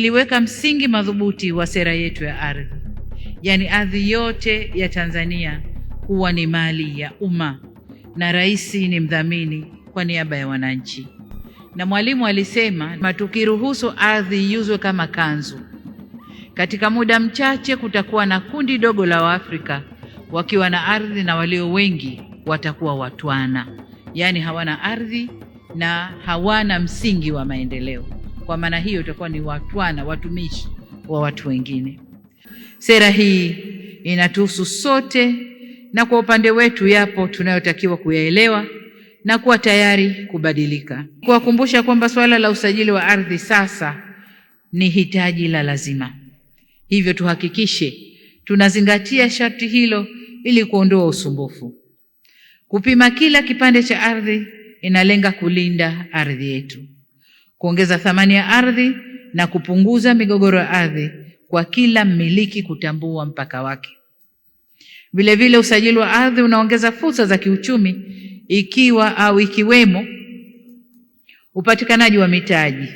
Iliweka msingi madhubuti wa sera yetu ya ardhi, yaani ardhi yote ya Tanzania kuwa ni mali ya umma na rais ni mdhamini kwa niaba ya wananchi. Na Mwalimu alisema tukiruhusu ardhi iuzwe kama kanzu, katika muda mchache kutakuwa na kundi dogo la Waafrika wakiwa na ardhi na walio wengi watakuwa watwana, yaani hawana ardhi na hawana msingi wa maendeleo. Kwa maana hiyo itakuwa ni watwana, watumishi wa watu wengine. Sera hii inatuhusu sote, na kwa upande wetu yapo tunayotakiwa kuyaelewa na kuwa tayari kubadilika, kuwakumbusha kwamba suala la usajili wa ardhi sasa ni hitaji la lazima. Hivyo tuhakikishe tunazingatia sharti hilo ili kuondoa usumbufu. Kupima kila kipande cha ardhi inalenga kulinda ardhi yetu kuongeza thamani ya ardhi na kupunguza migogoro ya ardhi kwa kila mmiliki kutambua mpaka wake. Vilevile, usajili wa ardhi unaongeza fursa za kiuchumi ikiwa au ikiwemo upatikanaji wa mitaji